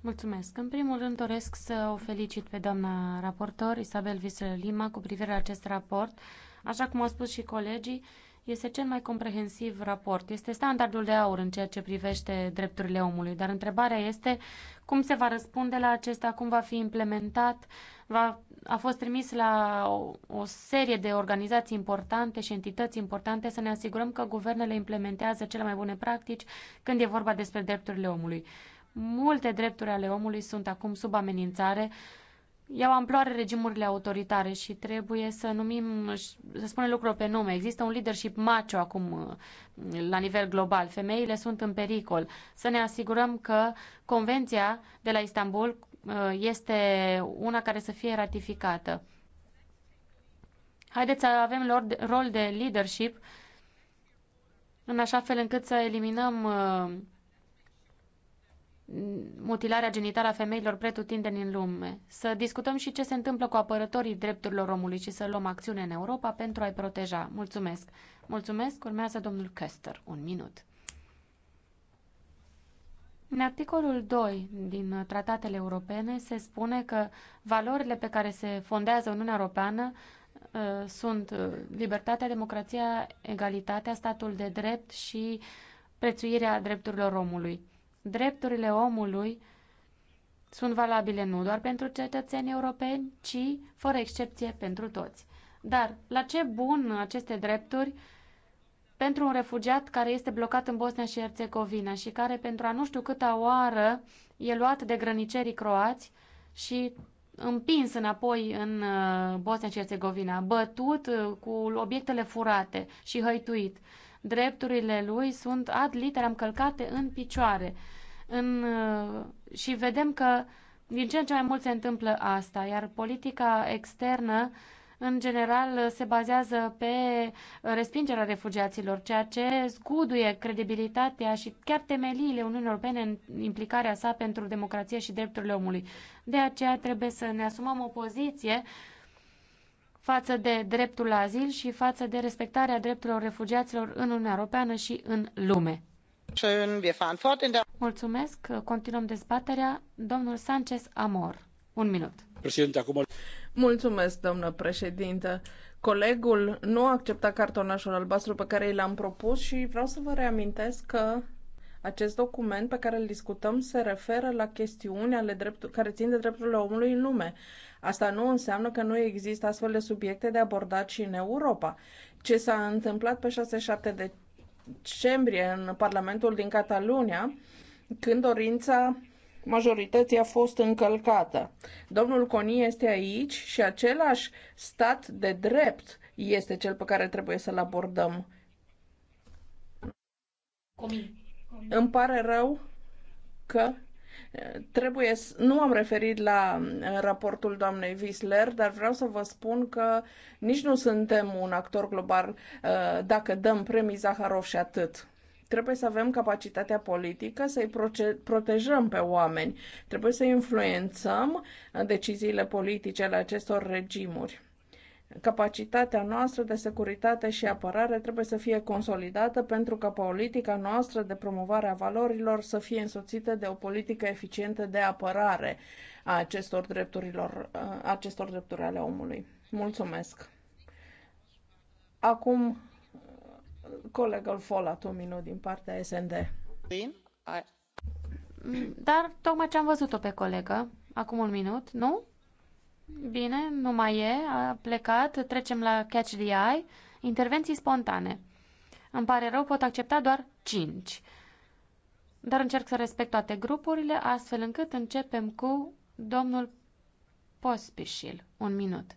Mulțumesc. În primul rând doresc să o felicit pe doamna raportor Isabel Visele Lima cu privire la acest raport. Așa cum au spus și colegii, este cel mai comprehensiv raport. Este standardul de aur în ceea ce privește drepturile omului. Dar întrebarea este cum se va răspunde la acesta, cum va fi implementat. Va, a fost trimis la o, o serie de organizații importante și entități importante să ne asigurăm că guvernele implementează cele mai bune practici când e vorba despre drepturile omului. Multe drepturi ale omului sunt acum sub amenințare iau amploare regimurile autoritare și trebuie să numim, să spunem lucrurile pe nume. Există un leadership macho acum uh, la nivel global. Femeile sunt în pericol. Să ne asigurăm că convenția de la Istanbul uh, este una care să fie ratificată. Haideți să avem rol de leadership în așa fel încât să eliminăm uh, mutilarea genitală a femeilor pretutindeni în lume, să discutăm și ce se întâmplă cu apărătorii drepturilor omului și să luăm acțiune în Europa pentru a-i proteja. Mulțumesc! Mulțumesc! Urmează domnul Kester. Un minut. În articolul 2 din tratatele europene se spune că valorile pe care se fondează Uniunea Europeană uh, sunt uh, libertatea, democrația, egalitatea, statul de drept și prețuirea drepturilor omului drepturile omului sunt valabile nu doar pentru cetățenii europeni, ci, fără excepție, pentru toți. Dar la ce bun aceste drepturi pentru un refugiat care este blocat în Bosnia și Herțegovina și care, pentru a nu știu câta oară, e luat de grănicerii croați și împins înapoi în uh, Bosnia și Herțegovina, bătut uh, cu obiectele furate și hăituit. Drepturile lui sunt ad literam călcate în picioare în, uh, și vedem că din ce în ce mai mult se întâmplă asta, iar politica externă în general se bazează pe respingerea refugiaților, ceea ce zguduie credibilitatea și chiar temeliile Uniunii Europene în implicarea sa pentru democrație și drepturile omului. De aceea trebuie să ne asumăm o poziție față de dreptul la azil și față de respectarea drepturilor refugiaților în Uniunea Europeană și în lume. Mulțumesc. Continuăm dezbaterea. Domnul Sanchez Amor. Un minut. Mulțumesc, doamnă președintă. Colegul nu a acceptat cartonașul albastru pe care i l-am propus și vreau să vă reamintesc că acest document pe care îl discutăm se referă la chestiuni ale care țin de drepturile omului în lume. Asta nu înseamnă că nu există astfel de subiecte de abordat și în Europa. Ce s-a întâmplat pe 6-7 de decembrie în Parlamentul din Catalunia, când dorința majorității a fost încălcată. Domnul Coni este aici și același stat de drept este cel pe care trebuie să-l abordăm. Comin. Comin. Îmi pare rău că Trebuie să... Nu am referit la uh, raportul doamnei Visler, dar vreau să vă spun că nici nu suntem un actor global uh, dacă dăm premii Zaharov și atât. Trebuie să avem capacitatea politică să-i protejăm pe oameni. Trebuie să influențăm uh, deciziile politice ale acestor regimuri. Capacitatea noastră de securitate și apărare trebuie să fie consolidată pentru ca politica noastră de promovare a valorilor să fie însoțită de o politică eficientă de apărare a acestor, drepturilor, a acestor drepturi ale omului. Mulțumesc! Acum, colegul Folat, un minut din partea SND. Mm, dar tocmai ce am văzut-o pe colegă, acum un minut, nu? Bine, nu mai e, a plecat, trecem la catch the eye, intervenții spontane. Îmi pare rău, pot accepta doar 5. Dar încerc să respect toate grupurile, astfel încât începem cu domnul Pospișil. Un minut.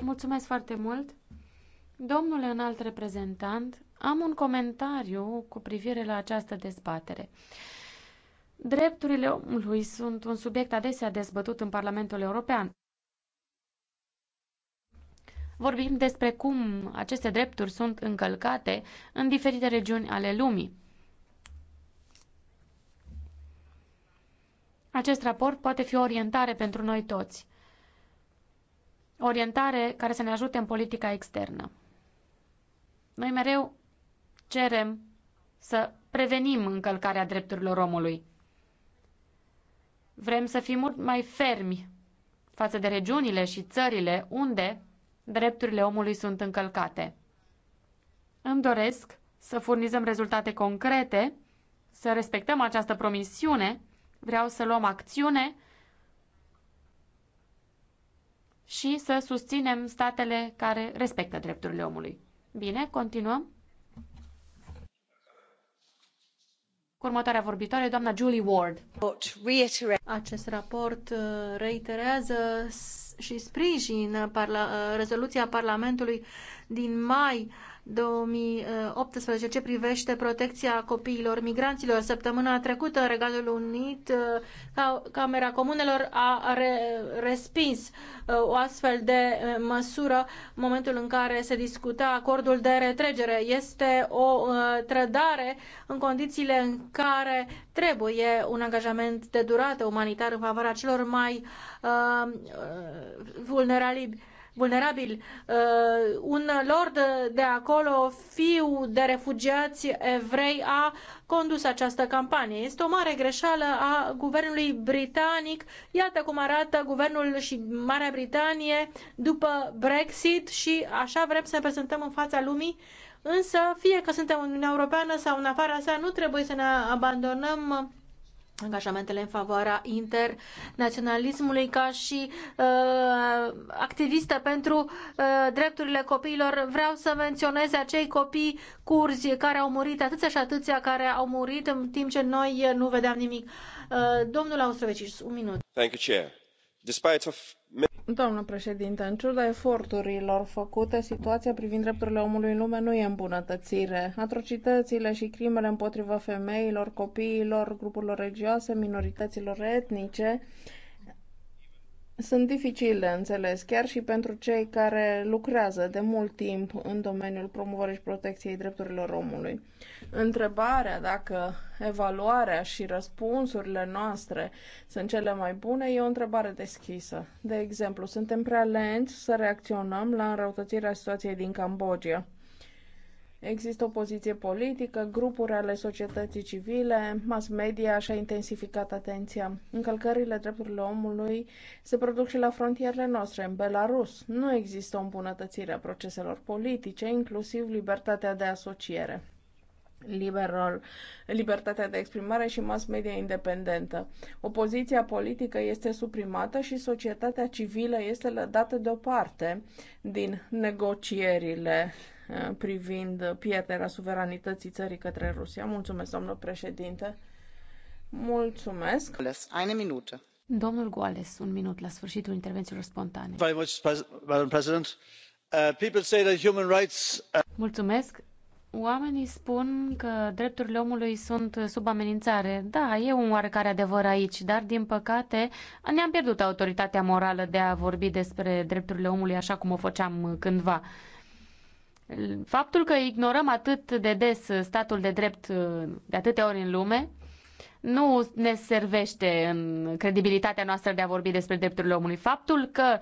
Mulțumesc foarte mult. Domnule înalt reprezentant, am un comentariu cu privire la această dezbatere. Drepturile omului sunt un subiect adesea dezbătut în Parlamentul European. Vorbim despre cum aceste drepturi sunt încălcate în diferite regiuni ale lumii. Acest raport poate fi o orientare pentru noi toți. Orientare care să ne ajute în politica externă. Noi mereu cerem să prevenim încălcarea drepturilor omului. Vrem să fim mult mai fermi față de regiunile și țările unde drepturile omului sunt încălcate. Îmi doresc să furnizăm rezultate concrete, să respectăm această promisiune, vreau să luăm acțiune și să susținem statele care respectă drepturile omului. Bine, continuăm. Cu următoarea vorbitoare, doamna Julie Ward. Acest raport uh, reiterează și sprijin parla- uh, rezoluția Parlamentului din mai 2018 ce privește protecția copiilor migranților. Săptămâna trecută, Regatul Unit, uh, Camera Comunelor a re respins uh, o astfel de uh, măsură în momentul în care se discuta acordul de retregere. Este o trădare în condițiile în care trebuie un angajament de durată umanitar în favoarea celor mai vulnerabili vulnerabili. Uh, un lord de acolo, fiu de refugiați evrei, a condus această campanie. Este o mare greșeală a guvernului britanic. Iată cum arată guvernul și Marea Britanie după Brexit și așa vrem să ne prezentăm în fața lumii. Însă, fie că suntem în Uniunea Europeană sau în afara sa, nu trebuie să ne abandonăm angajamentele în favoarea internaționalismului ca și uh, activistă pentru uh, drepturile copiilor. Vreau să menționez acei copii curzi care au murit, atâția și atâția care au murit în timp ce noi nu vedeam nimic. Uh, domnul Austrovecis, un minut. Thank you, Chair. Despite of... Doamnă președinte, în ciuda eforturilor făcute, situația privind drepturile omului în lume nu e îmbunătățire. Atrocitățile și crimele împotriva femeilor, copiilor, grupurilor religioase, minorităților etnice sunt dificil de înțeles, chiar și pentru cei care lucrează de mult timp în domeniul promovării și protecției drepturilor omului. Întrebarea dacă evaluarea și răspunsurile noastre sunt cele mai bune e o întrebare deschisă. De exemplu, suntem prea lenți să reacționăm la înrăutățirea situației din Cambodgia Există o poziție politică, grupuri ale societății civile, mass media și-a intensificat atenția. Încălcările drepturilor omului se produc și la frontierele noastre, în Belarus. Nu există o îmbunătățire a proceselor politice, inclusiv libertatea de asociere liberal, libertatea de exprimare și mass media independentă. Opoziția politică este suprimată și societatea civilă este lădată deoparte din negocierile Eh, privind pierderea suveranității țării către Rusia. Mulțumesc, domnul președinte. Mulțumesc. Eine minute. Domnul Goales, un minut la sfârșitul intervențiilor spontane. Uh, uh, Mulțumesc. Oamenii spun că drepturile omului sunt sub amenințare. Da, e un oarecare adevăr aici, dar din păcate ne-am pierdut autoritatea morală de a vorbi despre drepturile omului așa cum o făceam cândva. Faptul că ignorăm atât de des statul de drept uh, de atâtea ori în lume nu ne servește în credibilitatea noastră de a vorbi despre drepturile omului. Faptul că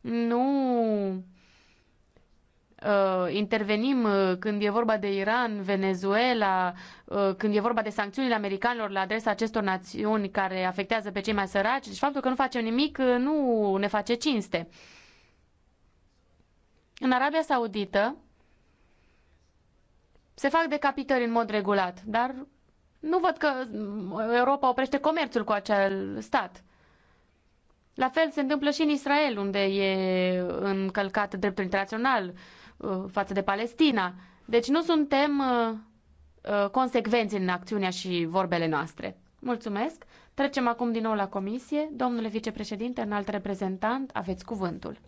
nu uh, intervenim uh, când e vorba de Iran, Venezuela, uh, când e vorba de sancțiunile americanilor la adresa acestor națiuni care afectează pe cei mai săraci, deci faptul că nu facem nimic uh, nu ne face cinste. În Arabia Saudită, se fac decapitări în mod regulat, dar nu văd că Europa oprește comerțul cu acel stat. La fel se întâmplă și în Israel, unde e încălcat dreptul internațional uh, față de Palestina. Deci nu suntem uh, uh, consecvenți în acțiunea și vorbele noastre. Mulțumesc. Trecem acum din nou la comisie. Domnule vicepreședinte, înalt reprezentant, aveți cuvântul.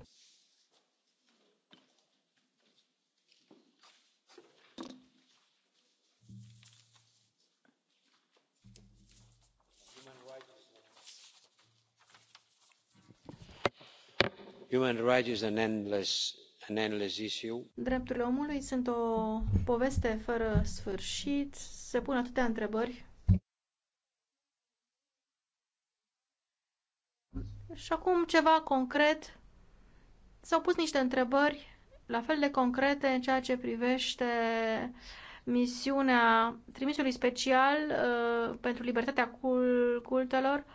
Drepturile omului sunt o poveste fără sfârșit. Se pun atâtea întrebări. Și acum ceva concret. S-au pus niște întrebări la fel de concrete în ceea ce privește misiunea trimisului special uh, pentru libertatea cultelor uh,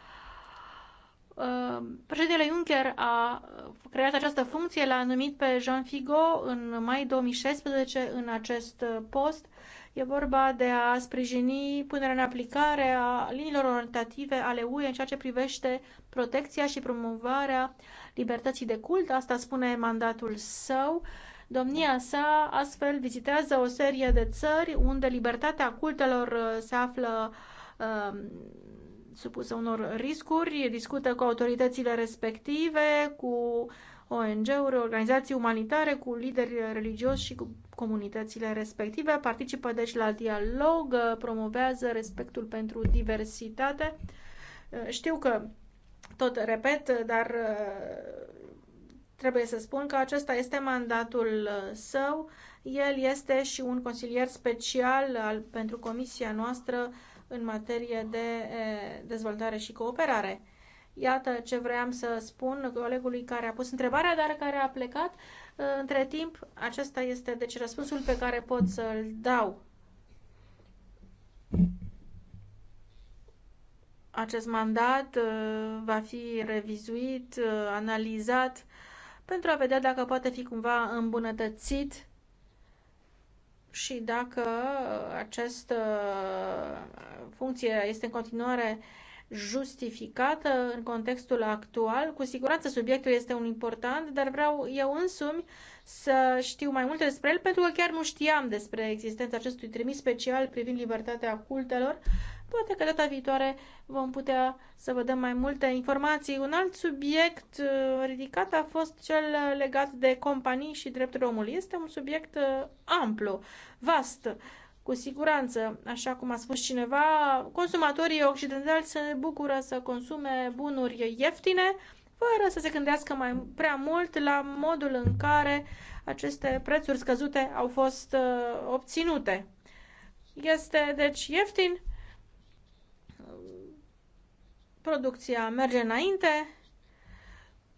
Uh, președintele Juncker a creat această funcție, l-a numit pe Jean Figo în mai 2016 în acest post. E vorba de a sprijini punerea în aplicare a liniilor orientative ale UE în ceea ce privește protecția și promovarea libertății de cult, asta spune mandatul său. Domnia sa astfel vizitează o serie de țări unde libertatea cultelor uh, se află uh, supusă unor riscuri, discută cu autoritățile respective, cu ONG-uri, organizații umanitare, cu lideri religioși și cu comunitățile respective, participă deci la dialog, promovează respectul pentru diversitate. Știu că tot repet, dar trebuie să spun că acesta este mandatul său. El este și un consilier special al, pentru comisia noastră uh, în materie de dezvoltare și cooperare. Iată ce vreau să spun colegului care a pus întrebarea, dar care a plecat. Între timp, acesta este deci răspunsul pe care pot să-l dau. Acest mandat va fi revizuit, analizat, pentru a vedea dacă poate fi cumva îmbunătățit și dacă această funcție este în continuare justificată în contextul actual. Cu siguranță subiectul este un important, dar vreau eu însumi să știu mai multe despre el, pentru că chiar nu știam despre existența acestui trimis special privind libertatea cultelor Poate că data viitoare vom putea să vă dăm mai multe informații. Un alt subiect uh, ridicat a fost cel legat de companii și drepturile omului. Este un subiect uh, amplu, vast. Cu siguranță, așa cum a spus cineva, consumatorii occidentali se bucură să consume bunuri ieftine, fără să se gândească mai prea mult la modul în care aceste prețuri scăzute au fost uh, obținute. Este deci ieftin producția merge înainte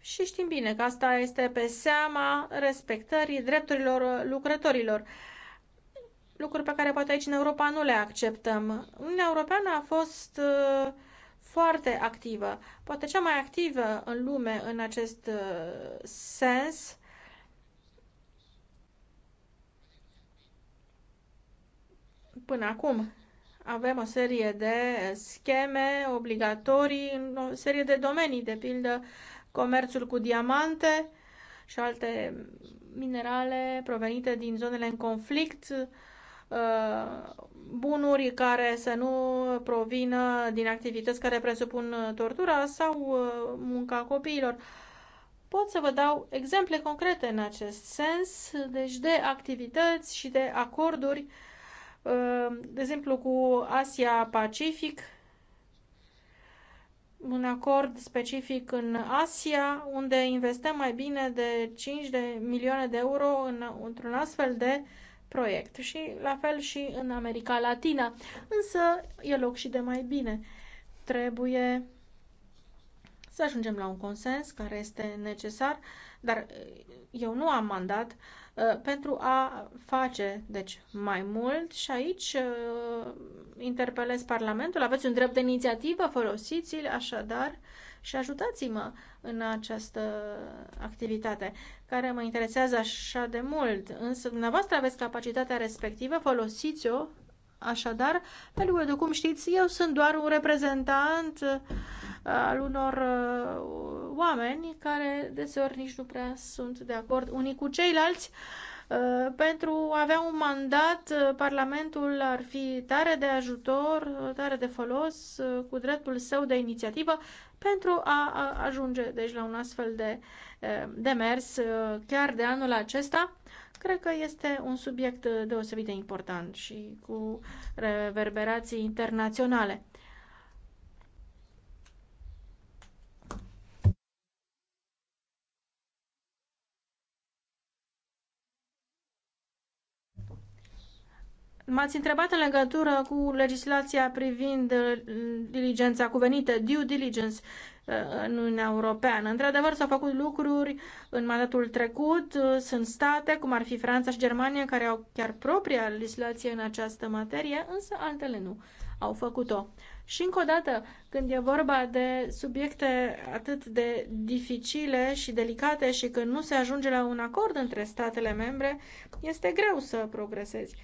și știm bine că asta este pe seama respectării drepturilor lucrătorilor. Lucruri pe care poate aici în Europa nu le acceptăm. Uniunea Europeană a fost uh, foarte activă, poate cea mai activă în lume în acest uh, sens. Până acum, avem o serie de scheme obligatorii în o serie de domenii, de pildă comerțul cu diamante și alte minerale provenite din zonele în conflict, uh, bunuri care să nu provină din activități care presupun tortura sau uh, munca copiilor. Pot să vă dau exemple concrete în acest sens, deci de activități și de acorduri uh, Ă, de exemplu cu Asia-Pacific, un acord specific în Asia, unde investăm mai bine de 5 de milioane de euro în, într-un astfel de proiect și la fel și în America Latina. Însă e loc și de mai bine. Trebuie să ajungem la un consens care este necesar, dar eu nu am mandat uh, Uh, pentru a face deci, mai mult și aici uh, interpelez Parlamentul, aveți un drept de inițiativă, folosiți-l așadar și ajutați-mă în această activitate care mă interesează așa de mult. Însă dumneavoastră aveți capacitatea respectivă, folosiți-o Așadar, pe lume, de cum știți, eu sunt doar un reprezentant uh, al unor uh, oameni care deseori nici nu prea sunt de acord unii cu ceilalți. Uh, pentru a avea un mandat, Parlamentul ar fi tare de ajutor, tare de folos, cu dreptul său de inițiativă, pentru a ajunge deci, la un astfel de demers chiar de anul acesta Cred că este un subiect uh, deosebit de important și cu reverberații internaționale. M-ați întrebat în legătură cu legislația privind uh, diligența cuvenită, due diligence, Uh, în Uniunea Europeană. Într-adevăr, s-au făcut lucruri în mandatul trecut. Uh, sunt state, cum ar fi Franța și Germania, care au chiar propria legislație în această materie, însă altele nu au făcut-o. Și încă o dată, când e vorba de subiecte atât de dificile și delicate și când nu se ajunge la un acord între statele membre, este greu să progresezi.